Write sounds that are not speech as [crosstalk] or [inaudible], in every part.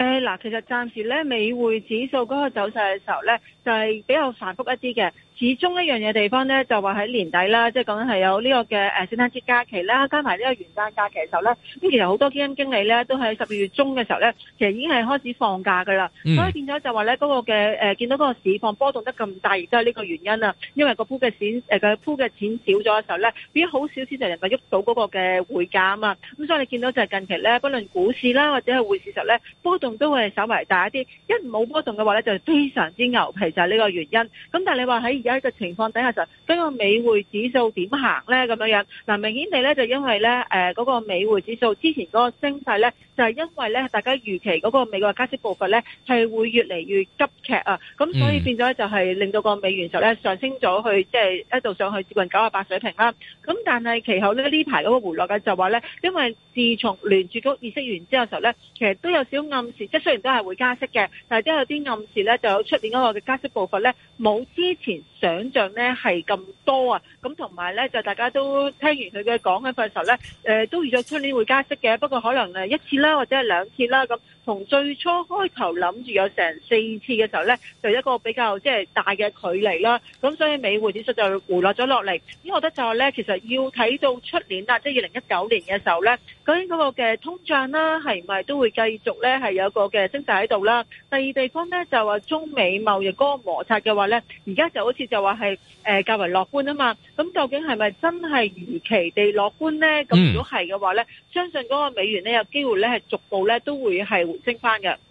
誒，嗱，其實暫時咧，美匯指數嗰個走勢嘅時候咧，就係比較反復一啲嘅。始終一樣嘢地方咧，就話喺年底啦，即係講係有呢個嘅誒聖誕節假期啦，加埋呢個元旦假期嘅時候咧，咁其實好多基金經理咧都喺十二月中嘅時候咧，其實已經係開始放假噶啦。嗯。所以變咗就話咧，嗰個嘅誒見到嗰個市況波動得咁大，亦都係呢個原因啊。因為個鋪嘅錢誒個鋪嘅錢少咗嘅時候咧，變好少錢就能夠喐到嗰個嘅匯價啊嘛。咁所以你見到就係近期咧，不論股市啦或者係匯市時候咧，波動都會稍為大一啲。一冇波動嘅話咧，就非常之牛皮就係呢個原因。咁但係你話喺喺個情況底下就，嗰個美匯指數點行咧咁樣樣，嗱明顯地咧就因為咧，誒嗰個美匯指數之前嗰個升勢咧，就係因為咧大家預期嗰個美國加息步伐咧係會越嚟越急劇啊，咁所以變咗就係令到個美元就咧上升咗去，即係一度上去接近九啊八水平啦。咁但係其後咧呢排嗰個回落嘅就話咧，因為自從聯儲局議息完之後嘅時候咧，其實都有少少暗示，即係雖然都係會加息嘅，但係都有啲暗示咧就有出年嗰個嘅加息步伐咧冇之前。想像呢係咁多啊，咁同埋呢就大家都聽完佢嘅講嘅時候呢，呃、都預咗出年會加息嘅，不過可能誒一次啦或者係兩次啦咁。同最初開頭諗住有成四次嘅時候呢，就一個比較即係、就是、大嘅距離啦。咁所以美匯指數就回落咗落嚟。咁我覺得就係呢，其實要睇到出年啦，即係二零一九年嘅時候呢，究竟嗰個嘅通脹啦係咪都會繼續呢？係有個嘅升勢喺度啦。第二地方呢，就話中美貿易嗰個摩擦嘅話呢，而家就好似。就話係誒較為樂觀啊嘛，咁究竟係咪真係如期地樂觀呢？咁、嗯、如果係嘅話呢，相信嗰個美元呢有機會呢係逐步呢都會係回升翻嘅。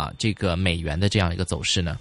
啊，這個美元的這樣一個走勢呢？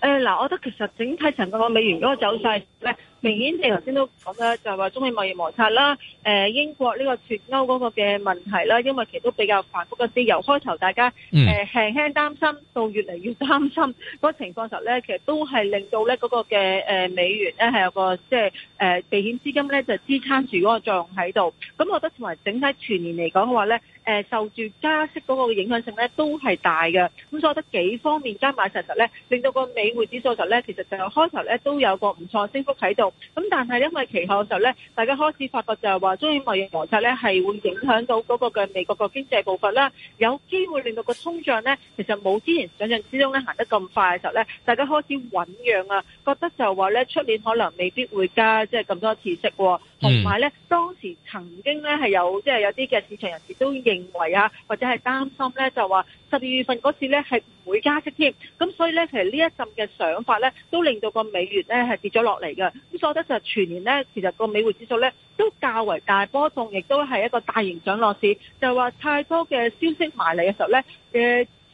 誒，嗱，我覺得其實整體情況嘅話，美元嗰個走勢咧，明顯地頭先都講咧，就係話中美貿易摩擦啦，誒、呃，英國呢個脫歐嗰個嘅問題啦，因為其實都比較繁複嘅啲，自由開頭大家誒、嗯呃、輕輕擔心，到越嚟越擔心嗰個情況時候咧，其實都係令到咧嗰、那個嘅誒美元咧係有個即係誒避險資金咧就支撐住嗰個作用喺度，咁、嗯、我覺得同埋整體全年嚟講嘅話咧。誒受住加息嗰個影響性咧，都係大嘅。咁所以我覺得幾方面加埋實質咧，令到個美匯指數實咧，其實就開頭咧都有個唔錯升幅喺度。咁但係因為期後嘅時候咧，大家開始發覺就係話中遠貿易摩擦咧，係會影響到嗰個嘅美國個經濟步伐啦。有機會令到個通脹咧，其實冇之前想象之中咧行得咁快嘅時候咧，大家開始醞釀啊，覺得就係話咧出年可能未必會加即係咁多次息喎、哦。同埋咧，當時曾經咧係有即係有啲嘅市場人士都認為啊，或者係擔心咧，就話十二月份嗰次咧係唔會加息添。咁所以咧，其實呢一陣嘅想法咧，都令到個美元咧係跌咗落嚟嘅。咁所以覺得就全年咧，其實個美元指數咧都較為大波動，亦都係一個大型上落市。就話太多嘅消息埋嚟嘅時候咧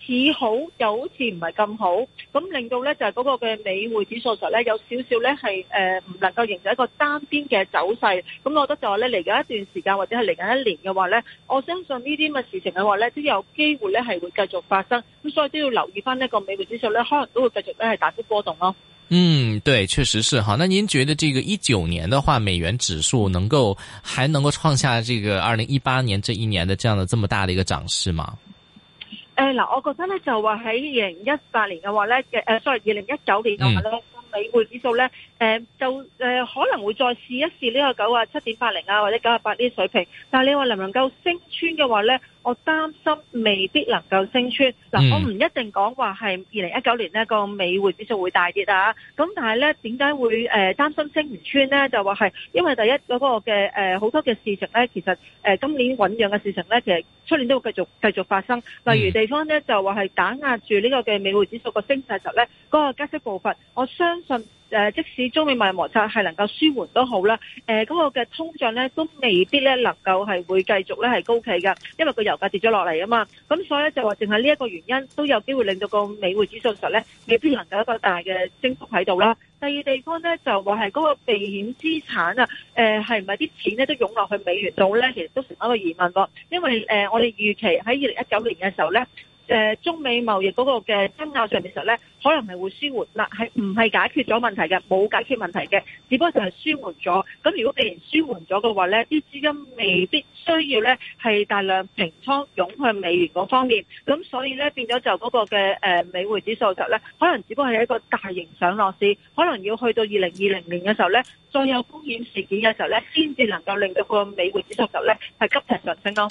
似好又好似唔係咁好，咁令到呢就係嗰個嘅美匯指數上呢，有少少呢係誒，唔能夠形成一個單邊嘅走勢，咁我覺得就話咧嚟緊一段時間或者係嚟緊一年嘅話呢，我相信呢啲咁嘅事情嘅話呢，都有機會呢係會繼續發生，咁所以都要留意翻呢個美匯指數呢，可能都會繼續呢係打波波動咯。嗯，對，確實是哈。那您覺得這個一九年嘅話，美元指數能夠還能夠創下這個二零一八年這一年嘅這樣的這麼大的一個漲勢嗎？誒，嗱， [music] 我覺得咧就話喺二零一八年嘅話咧，誒， [music] 誒，sorry，二零一九年嘅話咧，個美匯指數咧，誒，就 [noise] 誒樂，可能會再試一試呢個九啊七點八零啊，或者九啊八呢啲水平，但係你話能唔能夠升穿嘅話咧？ [music] [music] 我擔心未必能夠升穿嗱、嗯，我唔一定講話係二零一九年呢個美匯指數會大跌啊，咁但係呢點解會誒擔心升唔穿呢？就話係因為第一嗰個嘅誒好多嘅事情呢，其實誒今年醖釀嘅事情呢，其實出年都會繼續繼續發生。例如地方呢，就話係打壓住呢個嘅美匯指數個升勢就呢嗰個加息步伐，我相信。誒，即使中美貿易摩擦係能夠舒緩都好啦，誒，嗰個嘅通脹咧都未必咧能夠係會繼續咧係高企嘅，因為個油價跌咗落嚟啊嘛，咁所以就話淨係呢一個原因都有機會令到個美匯指數實咧未必能夠一個大嘅升幅喺度啦。第二地方咧就話係嗰個避險資產啊，誒係唔係啲錢咧都湧落去美元度咧，其實都成一個疑問喎，因為誒我哋預期喺二零一九年嘅時候咧。誒、呃、中美貿易嗰個嘅爭拗上嘅時候咧，可能係會舒緩啦，係唔係解決咗問題嘅？冇解決問題嘅，只不過就係舒緩咗。咁如果既然舒緩咗嘅話咧，啲資金未必需要咧係大量平倉湧向美元嗰方面，咁所以咧變咗就嗰個嘅誒、呃、美匯指數就咧，可能只不過係一個大型上落市，可能要去到二零二零年嘅時候咧，再有風險事件嘅時候咧，先至能夠令到個美匯指數就咧係急劇上升咯。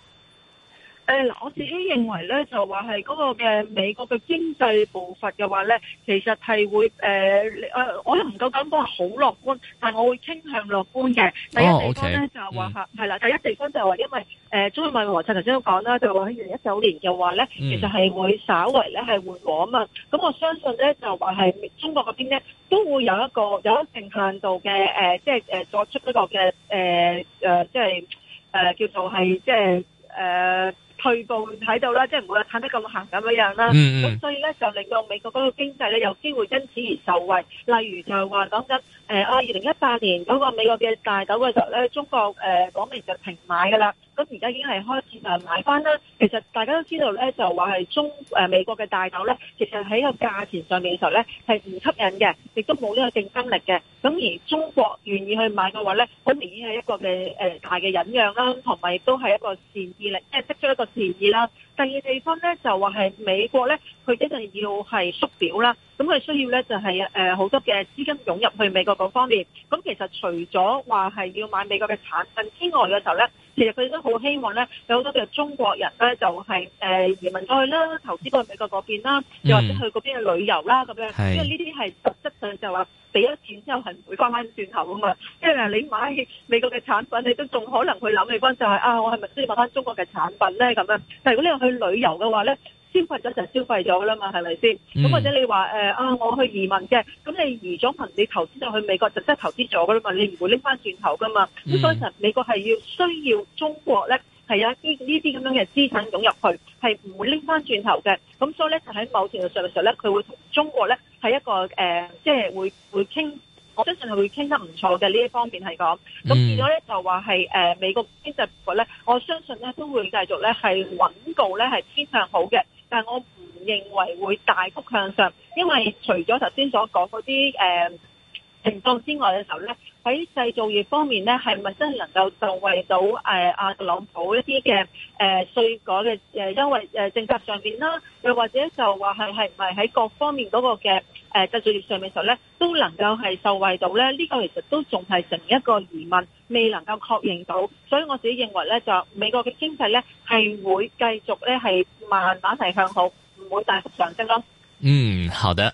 誒，嗱，我自己認為咧，就話係嗰個嘅美國嘅經濟步伐嘅話咧，其實係會誒誒、呃，我又唔夠感覺好樂觀，但係我會傾向樂觀嘅、哦。第一地方咧、okay, 就話吓係啦，第一地方就係話因為誒、呃，中國文和陳頭先都講啦，就是、說年的話喺二零一九年嘅話咧，其實係會稍微咧係緩和啊嘛。咁我相信咧就話係中國嗰邊咧都會有一個有一定限度嘅誒、呃，即係誒作出一個嘅誒誒，即係誒、呃、叫做係即係。退步睇到啦，即係唔會有產得咁行咁樣樣啦。咁、嗯嗯、所以咧就令到美國嗰個經濟咧有機會因此而受惠，例如就係話講緊。誒啊！二零一八年嗰個美國嘅大豆嘅時候咧，中國誒講明就停買噶啦。咁而家已經係開始誒買翻啦。其實大家都知道咧，就話係中誒、呃、美國嘅大豆咧，其實喺個價錢上面嘅時候咧係唔吸引嘅，亦都冇呢個競爭力嘅。咁而中國願意去買嘅話咧，好明顯係一個嘅誒、呃、大嘅忍讓啦，同埋亦都係一個善意力，即係釋出一個善意啦。第二地方咧，就話係美國咧，佢一定要係縮表啦，咁佢需要咧就係誒好多嘅資金湧入去美國嗰方面。咁其實除咗話係要買美國嘅產品之外嘅時候咧，其實佢都好希望咧有好多嘅中國人咧就係誒移民過去啦，投資過去美國嗰邊啦，又或者去嗰邊嘅旅遊啦咁樣，因為呢啲係。就就話俾咗錢之後係唔會翻返轉頭噶嘛，即係你買美國嘅產品，你都仲可能去諗嘅關就係、是、啊，我係咪需要買翻中國嘅產品咧咁樣？但如果你去旅遊嘅話咧，消費咗就消費咗噶啦嘛，係咪先？咁、mm -hmm. 或者你話誒啊，我去移民嘅，咁你移咗份，你投資就去美國就真係投資咗噶啦嘛，你唔會拎翻轉頭噶嘛。咁、mm -hmm. 所以其實美國係要需要中國咧。係啊，呢呢啲咁樣嘅資產湧入去係唔會拎返轉頭嘅，咁所以咧就喺某程度上嘅時候咧，佢會同中國咧係一個誒、呃，即係會會傾，我相信係會傾得唔錯嘅呢一方面係講。咁變咗咧就話係誒美國經濟局復咧，我相信咧都會繼續咧係穩固咧係偏向好嘅，但係我唔認為會大幅向上，因為除咗頭先所講嗰啲誒，呃情況之外嘅時候咧，喺製造業方面咧，係咪真係能夠受惠到誒阿特朗普一啲嘅誒稅改嘅誒優惠誒政策上面啦，又或者就話係係唔係喺各方面嗰個嘅誒製造業上面嘅時候咧，都能夠係受惠到咧？呢個其實都仲係成一個疑問，未能夠確認到。所以我自己認為咧，就美國嘅經濟咧，係會繼續咧係慢慢係向好，唔會大幅上升咯。嗯，好的。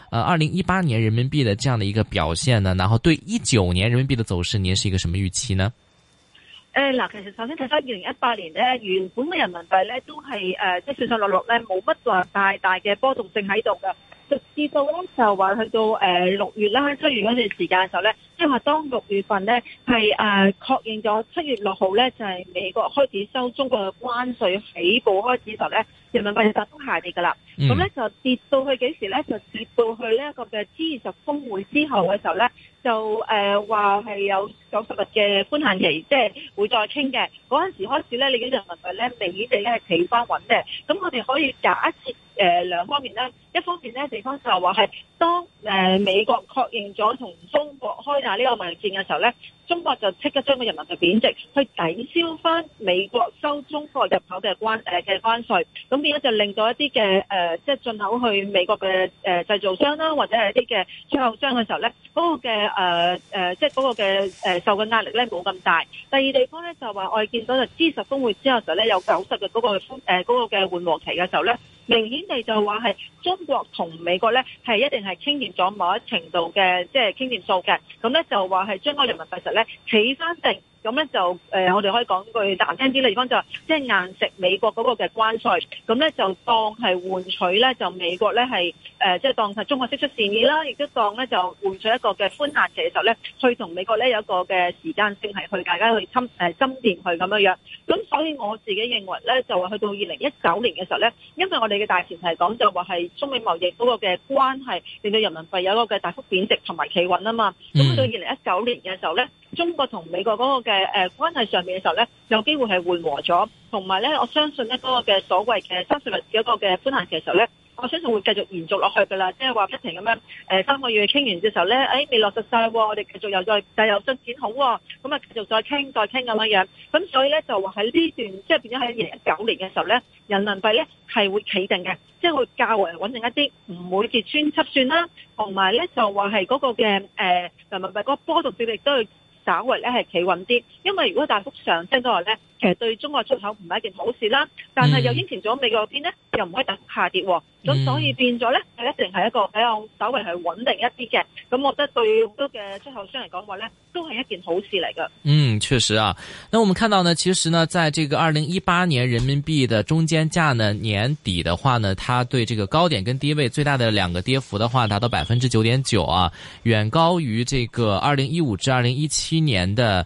呃，二零一八年人民幣的這樣的一個表現呢，然後對一九年人民幣的走勢，您是一個什麼預期呢？呃、嗱，其實首先睇返二零一八年呢，原本嘅人民幣呢都係誒即上上落落呢，冇乜話太大嘅波動性喺度噶。就直至到咧就話去到誒六月啦，七月嗰段時間嘅時候呢，即係話當六月份呢係誒、呃、確認咗七月六號呢就係、是、美國開始收中國嘅關稅起步開始時候咧，人民幣就發生下跌㗎啦。咁、嗯、呢就跌到去幾時呢？就跌到去咧個嘅 G 二十峯會之後嘅時候呢，就誒話係有九十日嘅寬限期，即、就、係、是、會再傾嘅。嗰陣時開始呢，你啲人民幣咧尾地咧係企返穩嘅。咁我哋可以假設。誒兩方面呢，一方面呢地方就話係當誒美國確認咗同中國開打呢個貿易戰嘅時候呢，中國就即刻將個人民幣貶值，去抵消翻美國收中國入口嘅關誒嘅關稅。咁變咗就令到一啲嘅誒，即、呃、係、就是、進口去美國嘅誒、呃、製造商啦，或者係一啲嘅出口商嘅時候呢，嗰、那個嘅誒即係嗰個嘅受嘅壓力呢冇咁大。第二地方呢，就話我哋見到就 G20 峰會之後就呢候有九十日嗰個誒嘅緩和期嘅時候呢。明顯地就話係中國同美國呢，係一定係傾掂咗某一程度嘅，即係傾掂數嘅。咁呢，就話係將嗰人民幣實呢，起翻定。咁咧就誒、呃，我哋可以講句難聽啲，嘅地方，就即、係、係硬食美國嗰個嘅關稅，咁咧就當係換取咧，就美國咧係即係當係中國釋出善意啦，亦都當咧就換取一個嘅寬壓嘅時候咧，去同美國咧有一個嘅時間性係去大家去侵誒針鍵去咁樣。咁所以我自己認為咧，就話去到二零一九年嘅時候咧，因為我哋嘅大前提講就話係中美貿易嗰個嘅關係令到人民幣有一個嘅大幅貶值同埋企穩啊嘛。咁去到二零一九年嘅時候咧，中國同美國嗰個嘅嘅誒關係上面嘅時候咧，有機會係緩和咗，同埋咧，我相信咧嗰、那個嘅所謂嘅三十日嗰個嘅寬限期嘅時候咧，我相信會繼續延續落去嘅啦。即係話不停咁樣誒，三、呃、個月傾完嘅時候咧，誒未落實晒，我哋繼續又再就又進展好，咁啊繼續再傾再傾咁樣樣。咁所以咧就話喺呢段即係變咗喺二零一九年嘅時候咧，人民幣咧係會企定嘅，即係會較為穩定一啲，唔會跌穿七算啦。同埋咧就話係嗰個嘅誒人民幣嗰個波動性亦都係。稍為咧係企穩啲，因為如果大幅上升嘅話咧，其實對中國出口唔係一件好事啦。但係又應承咗美國嗰邊咧。 [noise] 又唔可以等下跌，咁、嗯、所以變咗呢，係一定係一個比較稍微係穩定一啲嘅，咁我覺得對好多嘅出口商嚟講話呢，都係一件好事嚟㗎。嗯，確實啊，那我們看到呢，其實呢，在這個二零一八年人民幣的中間價呢，年底的話呢，它對這個高點跟低位最大的兩個跌幅的話，達到百分之九點九啊，遠高於這個二零一五至二零一七年的。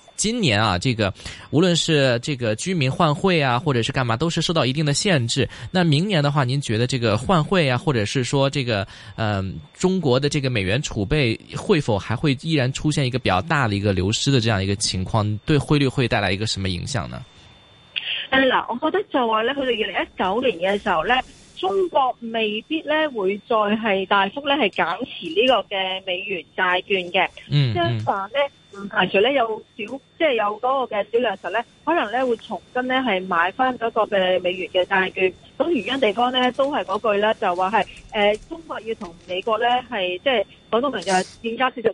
今年啊，這個無論是這個居民換匯啊，或者是幹嘛，都是受到一定的限制。那明年的話，您覺得這個換匯啊，或者是說這個，嗯、呃，中國的這個美元儲備會否還會依然出現一個比較大的一個流失的這樣一個情況？對匯率會帶來一個什麼影響呢？誒、嗯，嗱、嗯，我覺得就話咧，佢哋二零一九年嘅時候咧，中國未必咧會再係大幅咧係減持呢個嘅美元債券嘅，嗯，相反咧。唔排除咧有少即係有多個嘅小量實咧，可能咧會重新咧係買翻個嘅美元嘅債券。咁原因地方咧都係嗰句啦，就話係誒，中國要同美國咧係即係。港通名就係現家四十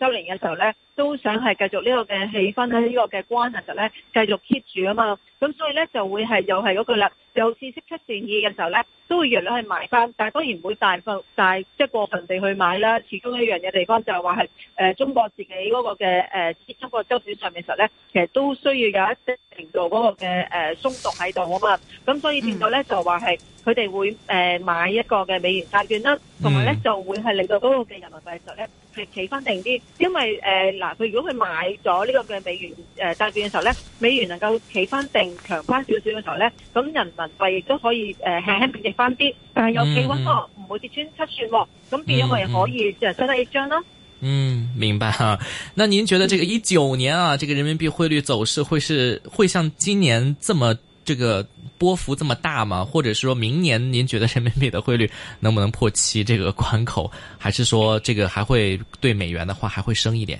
周年嘅時候咧，都想係繼續呢個嘅氣氛喺呢個嘅關係實咧繼續 keep 住啊嘛。咁所以咧就會係又係嗰句啦，有知識出善意嘅時候咧都會原來係買翻，但係當然唔會大份大即係過分地去買啦。始終一樣嘅地方就係話係誒中國自己嗰個嘅誒中國周轉上面時候咧，其實都需要有一啲程度嗰個嘅誒鬆動喺度啊嘛。咁所以變到咧就話係。佢哋會誒、呃、買一個嘅美元債券啦，同埋咧就會係令到嗰個嘅人民幣嘅時候咧係企翻定啲，因為誒嗱，佢、呃、如果佢買咗呢個嘅美元誒債、呃、券嘅時候咧，美元能夠企翻定強翻少少嘅時候咧，咁人民幣亦都可以誒輕輕貶值翻啲，但係有企穩喎，唔、嗯哦、會跌穿七算喎，哦，咁變咗咪可以相得益彰咯。嗯，明白哈，啊。那您覺得這個一九年啊，這個人民幣匯率走勢會是會像今年這麼？這個波幅這麼大嗎？或者是說明年您覺得人民幣的匯率能不能破七這個關口，還是說這個還會對美元的話還會升一點？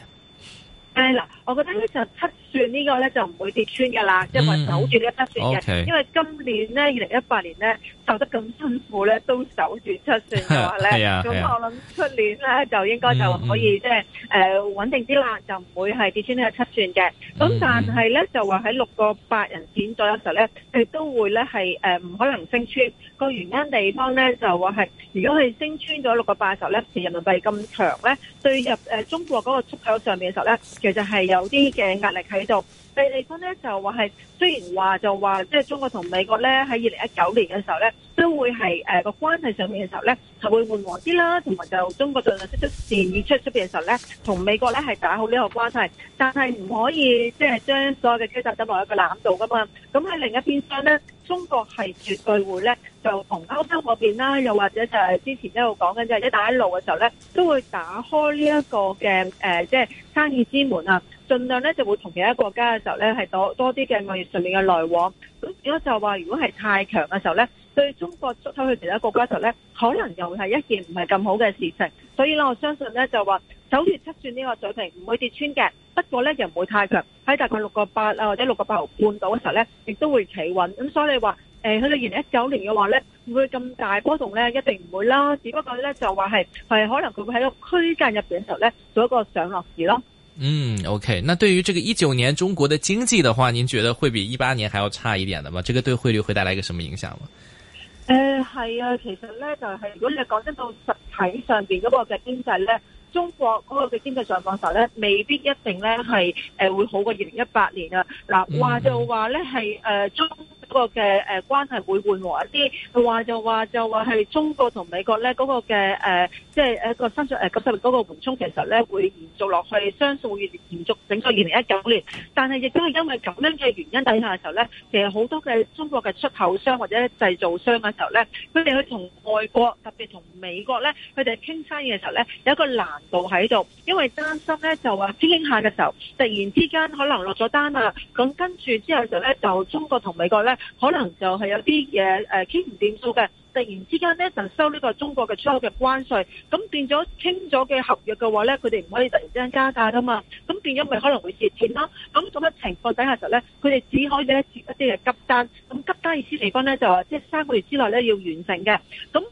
哎，嗱，我覺得呢，就七算呢個咧就唔會跌穿噶啦，嗯，因為好似嘅七算嘅，okay. 因為今年咧二零一八年咧。受得咁辛苦咧，都守住七算嘅話咧，咁、 [laughs] 啊、我諗出年咧就應該就可以即係誒穩定啲啦、嗯，就唔會係跌穿呢個七算嘅。咁、嗯、但係咧就話喺六個八人線左右嘅時候咧，佢都會咧係誒唔可能升穿。個原因地方咧就話係，如果佢升穿咗六個八十時咧，而人民幣咁強咧，對入中國嗰個出口上面嘅時候咧，其實係有啲嘅壓力喺度。李慧芬咧就話係，雖然話就話即係中國同美國咧喺二零一九年嘅時候咧。都會係誒個關係上面嘅時候咧，就會緩和啲啦。同埋就中國儘量出出善意，出出邊嘅時候咧，同美國咧係打好呢個關係。但係唔可以即係將所有嘅車搭得落一個攬度噶嘛。咁喺另一邊上咧，中國係絕對會咧就同歐洲嗰邊啦，又或者就係之前一路講緊即係一帶一路嘅時候咧，都會打開呢一個嘅誒即係生意之門啊。儘量咧就會同其他國家嘅時候咧係多多啲嘅貿易上面嘅來往。咁如果就話如果係太強嘅時候咧。對中國出口去其他國家嘅時候咧，可能又係一件唔係咁好嘅事情。所以咧，我相信咧就話九月七算呢個水平唔會跌穿嘅。不過咧，又唔會太強，喺大概六個八啊或者六個八毫半度嘅時候咧，亦都會企穩。咁所以你、呃、話誒，去到二零一九年嘅話咧，會唔會咁大波動咧？一定唔會啦。只不過咧就話係係可能佢會喺個區間入邊嘅時候咧做一個上落市咯。嗯，OK。那對於這個一九年中國的經濟的話，您覺得會比一八年還要差一點的嗎？這個對匯率會帶來一個什麼影響嗎？誒、呃，係啊，其實咧就係、是，如果你講真到實體上邊嗰個嘅經濟咧，中國嗰個嘅經濟狀況時候咧，未必一定咧係誒會好過二零一八年啊。嗱，話就話咧係誒中。那個嘅誒關係會緩和一啲，佢話就話就話係中國同美國咧嗰、那個嘅誒、呃，即係誒個生產誒個勢力嗰個緩衝，其實咧會延續落去相信會延續整到二零一九年。但係亦都係因為咁樣嘅原因底下嘅時候咧，其實好多嘅中國嘅出口商或者製造商嘅時候咧，佢哋去同外國特別同美國咧，佢哋傾生意嘅時候咧，有一個難度喺度，因為擔心咧就話傾傾下嘅時候，突然之間可能落咗單啊，咁跟住之後就咧就中國同美國咧。可能就係有啲嘢誒傾唔掂數嘅，突然之間咧就收呢個中國嘅出口嘅關稅，咁變咗傾咗嘅合約嘅話咧，佢哋唔可以突然之間加價噶嘛，咁變咗咪可能會蝕錢咯。咁咁嘅情況底下就咧，佢哋只可以咧接一啲嘅急單，咁急單意思嚟講咧就係即係三個月之內咧要完成嘅，咁。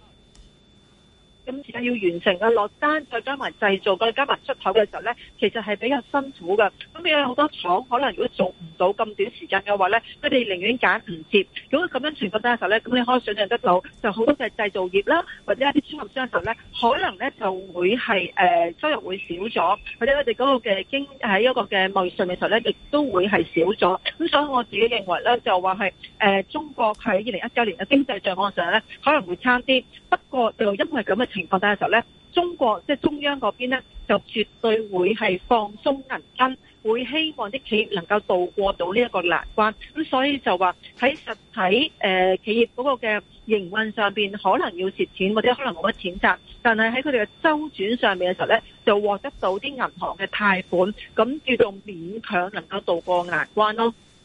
咁而家要完成啊，落單，再加埋製造，再加埋出口嘅時候咧，其實係比較辛苦嘅。咁你有好多廠可能如果做唔到咁短時間嘅話咧，佢哋寧願揀唔接。如果咁樣情況底下嘅時候咧，咁你可以想象得到，就好多嘅製造業啦，或者一啲出口商嘅時候咧，可能咧就會係誒收入會少咗，或者佢哋嗰個嘅經喺一個嘅貿易上面嘅時候咧，亦都會係少咗。咁所以我自己認為咧，就話係誒中國喺二零一九年嘅經濟狀況上咧，可能會差啲。不過就因為咁嘅情況底下嘅時候咧，中國即係中央嗰邊咧，就絕對會係放鬆銀根，會希望啲企業能夠渡過到呢一個難關。咁所以就話喺實體誒企業嗰個嘅營運上邊，可能要蝕錢或者可能冇乜錢賺，但係喺佢哋嘅周轉上面嘅時候咧，就獲得到啲銀行嘅貸款，咁叫做勉強能夠渡過難關咯。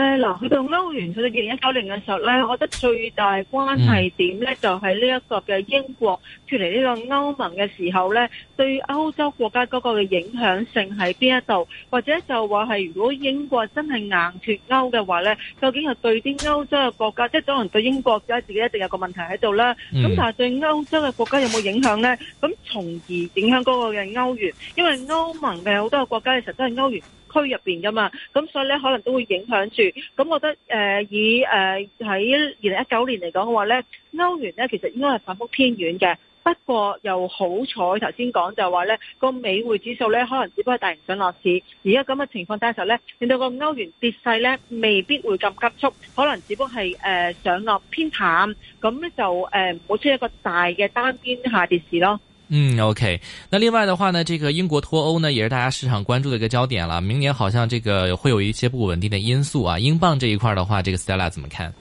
咧嗱，去到歐元，去到二零一九年嘅時候咧，我覺得最大關係點咧，就係呢一個嘅英國脱離呢個歐盟嘅時候咧，對歐洲國家嗰個嘅影響性喺邊一度，或者就話係如果英國真係硬脱歐嘅話咧，究竟係對啲歐洲嘅國家，即係可能對英國而家自己一定有個問題喺度啦。咁但係對歐洲嘅國家有冇影響咧？咁從而影響嗰個嘅歐元，因為歐盟嘅好多個國家其實都係歐元。區入邊噶嘛，咁所以咧可能都會影響住。咁我覺得，誒、呃、以誒喺二零一九年嚟講嘅話咧，歐元咧其實應該係反覆偏軟嘅。不過又好彩，頭先講就話咧個美匯指數咧可能只不過係大型上落市。而家咁嘅情況底下咧，令到個歐元跌勢咧未必會咁急速，可能只不過係誒、呃、上落偏淡，咁咧就誒冇、呃、出一個大嘅單邊下跌市咯。嗯，OK，那另外的話呢，這個英國脱歐呢也是大家市場關注的一個焦點了。明年好像這個會有一些不穩定的因素啊，英鎊這一塊的話，這個 Stella 怎麼看？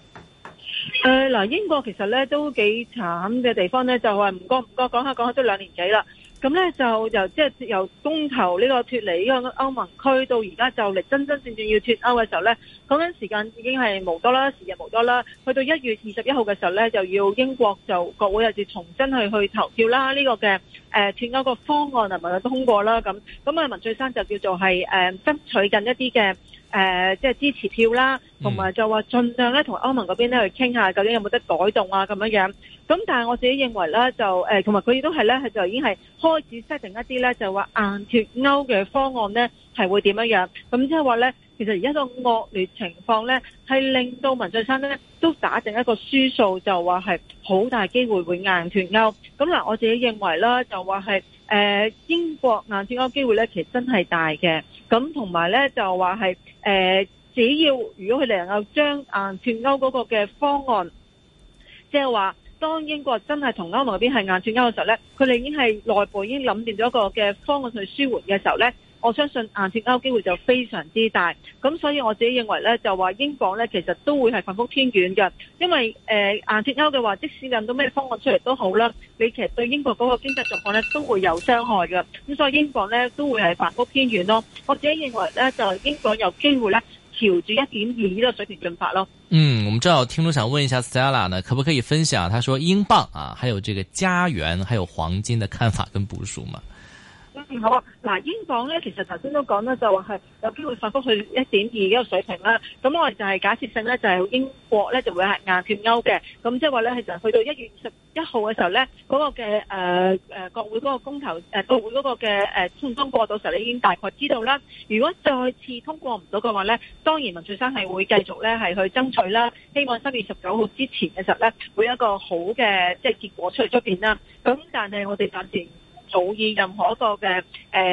呃，嗱，英國其實呢都幾慘嘅地方呢，就係唔覺唔覺講下講下都兩年幾啦。咁咧就由，即係、就是、由公投呢個脱離呢個歐盟區，到而家就嚟真真正正要脱歐嘅時候咧，講緊時間已經係無多啦，時日無多啦。去到一月二十一號嘅時候咧，就要英國就國會又要重新去去投票啦，呢、這個嘅誒脱歐個方案能唔能夠通過啦。咁咁啊文翠珊就叫做係誒、呃、爭取緊一啲嘅。誒、呃、即、就、係、是、支持票啦，同埋就話盡量咧同歐盟嗰邊咧去傾下，究竟有冇得改動啊？咁樣樣，咁但係我自己認為咧，就、呃、誒，同埋佢亦都係咧，係就已經係開始 set 定一啲咧，就話硬脱歐嘅方案咧係會點樣樣？咁即係話咧，其實而家個惡劣情況咧係令到文翠珊咧都打定一個輸數，就話係好大機會會硬脱歐。咁嗱，我自己認為啦，就話係誒英國硬脱歐機會咧，其實真係大嘅。咁同埋咧，就話係。誒，只要如果佢哋能夠將硬脫歐嗰個嘅方案，即係話當英國真係同歐盟嗰邊係硬脫歐嘅時候咧，佢哋已經係內部已經諗掂咗一個嘅方案去舒緩嘅時候咧。我相信硬脫歐機會就非常之大，咁所以我自己認為咧就話英鎊咧其實都會係反復偏軟嘅，因為誒硬脫歐嘅話，即使諗到咩方案出嚟都好啦，你其實對英國嗰個經濟狀況咧都會有傷害嘅，咁所以英鎊咧都會係反復偏軟咯。我自己認為咧就英鎊有機會咧朝住一點二呢個水平進發咯。嗯，我們知道聽眾想問一下 Stella 呢，可不可以分享，他說英鎊啊，還有這個加元，還有黃金的看法跟部署嗎？好、啊、英鎊呢，其實頭先都講咧，就話係有機會反覆去一點二個水平啦。咁我哋就係、是、假設性呢，就係、是、英國呢就會係硬脫歐嘅。咁即係話呢，其實去到一月二十一號嘅時候呢，嗰、那個嘅誒誒國會嗰個公投誒、呃、國會嗰個嘅、啊、通通過到時候，你已經大概知道啦。如果再次通過唔到嘅話呢，當然文翠珊係會繼續呢，係去爭取啦。希望三月十九號之前嘅時候咧，會有一個好嘅、就是、結果出嚟出邊啦。咁但係我哋暫時。早已任何一個嘅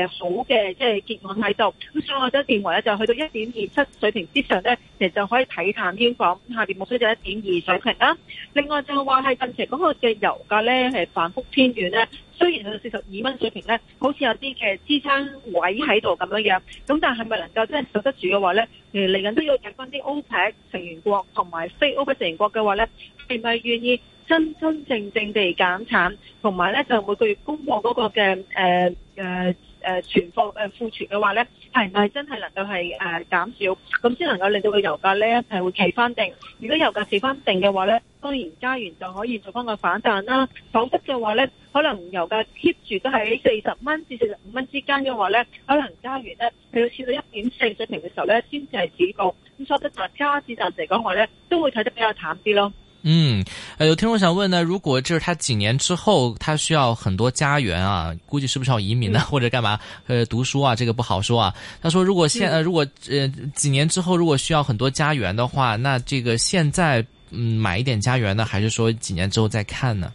好嘅、呃、即係結案喺度，咁所以我覺得認為咧就去到一點二七水平之上咧，其實就可以睇淡英鎊。下面目標就一點二水平啦、啊。另外就話係近期嗰個嘅油價咧係反覆偏軟咧，雖然喺四十二蚊水平咧，好似有啲嘅支撐位喺度咁樣樣，咁但係咪能夠真係受得住嘅話咧？嚟緊都要睇翻啲 OPEC 成員國同埋非 OPEC 成員國嘅話咧，係咪願意？真真正正地減產，同埋咧就每個月供、呃呃、貨嗰個嘅誒誒誒存貨誒庫存嘅話咧，係唔係真係能夠係、呃、減少，咁先能夠令到個油價咧係會企翻定？如果油價企翻定嘅話咧，當然加元就可以做翻個反彈啦。否則嘅話咧，可能油價 keep 住都喺四十蚊至四十五蚊之間嘅話咧，可能加元咧佢要試到一點四水平嘅時候咧，先至係止步。咁所以咧就係加指數嚟講話咧，都會睇得比較淡啲咯。嗯，呃，有聽眾想問呢，如果就是他幾年之後他需要很多加元啊，估計是不是要移民呢、啊嗯，或者幹嘛？呃，讀書啊，這個不好說啊。他說如果現、嗯，如果現呃，如果呃幾年之後如果需要很多加元的話，那這個現在嗯買一點加元呢，還是說幾年之後再看呢？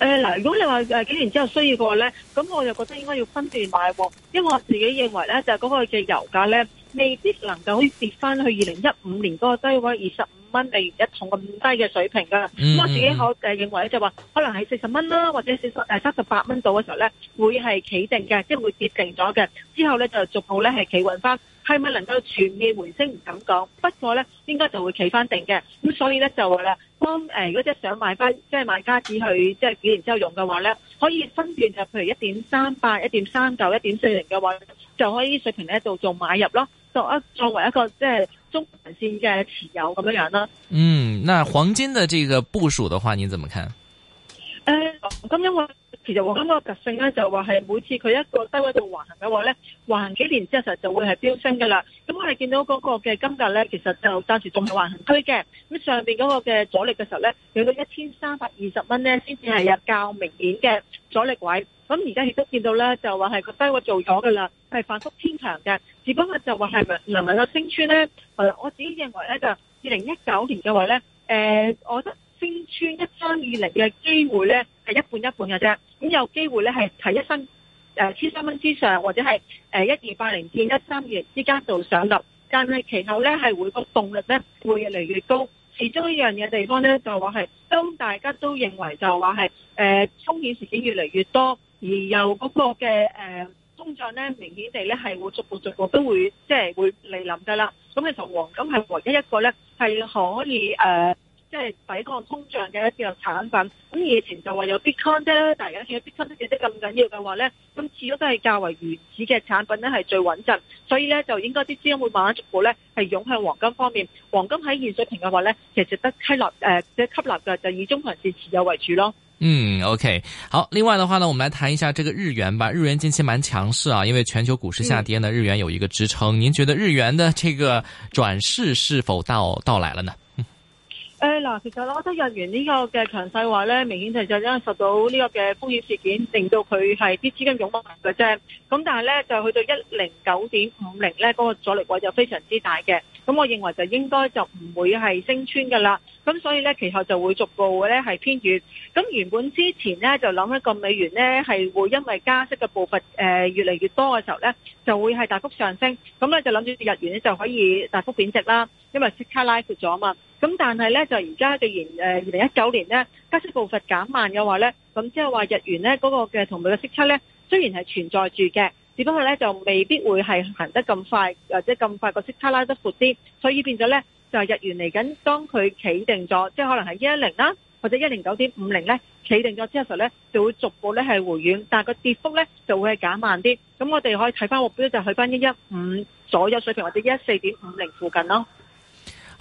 誒，嗱，如果你話呃，幾年之後需要嘅話咧，咁我就覺得應該要分段買、哦，因為我自己認為呢，就係、是、嗰個嘅油價呢。未必能夠可以跌翻去二零一五年嗰個低位二十五蚊嚟一桶咁低嘅水平噶，咁、嗯嗯、我自己可誒認為咧就話可能係四十蚊啦，或者四十誒三十八蚊度嘅時候咧，會係企定嘅，即係會跌定咗嘅。之後咧就逐步咧係企穩翻，係咪能夠全面回升唔敢講？不過咧應該就會企翻定嘅。咁、嗯、所以咧就話咧，當誒如果即係想買翻即係買加紙去即係、就是、幾年之後用嘅話咧，可以分段就譬如一點三八、一點三九、一點四零嘅話，就可以水平咧度做買入咯。作一作為一個即係中長線嘅持有咁樣樣啦。嗯，那黃金的這個部署的話，您怎麼看？誒、呃，因為其實黃金嗰個特性咧，就話、是、係每次佢一個低位度橫行嘅話咧，橫幾年之後就會係飆升噶啦。咁我哋見到嗰個嘅金價咧，其實就暫時仲係橫行區嘅。咁上邊嗰個嘅阻力嘅時候咧，有到一千三百二十蚊咧，先至係有較明顯嘅阻力位。咁而家亦都見到咧，就話係個低位做咗噶啦，係反復偏強嘅。只不過就話係唔係我就話係唔係能夠升穿咧？係啦，我自己認為咧，就二零一九年嘅話咧，誒、呃，我覺得升穿一三二零嘅機會咧係一半一半嘅啫。咁有機會咧係提一新誒千三蚊之上，或者係誒一二八零至一三二零之間度上落。但係其後咧係會個動力咧會越嚟越高。始終一樣嘅地方咧，就話係當大家都認為就話係誒風險事件越嚟越多。而由嗰個嘅誒、呃、通脹呢，明顯地呢係會逐步逐步都會即係會嚟臨㗎啦。咁其實黃金係唯一一個呢，係可以誒，即、呃、係、就是、抵抗通脹嘅一樣產品。咁以前就話有 Bitcoin 啫，大家見到 Bitcoin 都跌得咁緊要嘅話呢，咁始終都係較為原始嘅產品呢係最穩陣。所以呢，就應該啲資金會慢慢逐步呢係湧向黃金方面。黃金喺現水平嘅話呢，其實值得吸納、呃、即係吸納嘅就以中長線持有為主囉。嗯，OK，好。另外的話呢，我們來談一下這個日元吧。日元近期蠻強勢啊，因為全球股市下跌呢，日元有一個支撐。嗯、您覺得日元的這個轉勢是否到到來了呢？誒，嗱，其實我覺得日元呢個嘅強勢話呢，明顯就就因為受到呢個嘅風險事件，令到佢係啲資金湧入嘅啫。咁但係呢，就去到一零九點五零呢、嗰個阻力位就非常之大嘅。咁我認為就應該就唔會係升穿㗎啦，咁所以咧其後就會逐步咧係偏軟。咁原本之前咧就諗一個美元咧係會因為加息嘅步伐誒越嚟越多嘅時候咧，就會係大幅上升。咁咧就諗住日元咧就可以大幅貶值啦，因為息差拉闊咗嘛。咁但係咧就而家既然誒二零一九年咧加息步伐減慢嘅話咧，咁即係話日元咧嗰個嘅同佢嘅息差咧雖然係存在住嘅。只不過咧就未必會係行得咁快，或者咁快個息差拉得闊啲，所以變咗咧就係，日元嚟緊，當佢企定咗，即係可能係一一零啦，或者一零九點五零咧企定咗之後咧，就會逐步咧係回軟，但係個跌幅咧就會係減慢啲。咁我哋可以睇翻目標就係去翻一一五左右水平或者一一四點五零附近咯。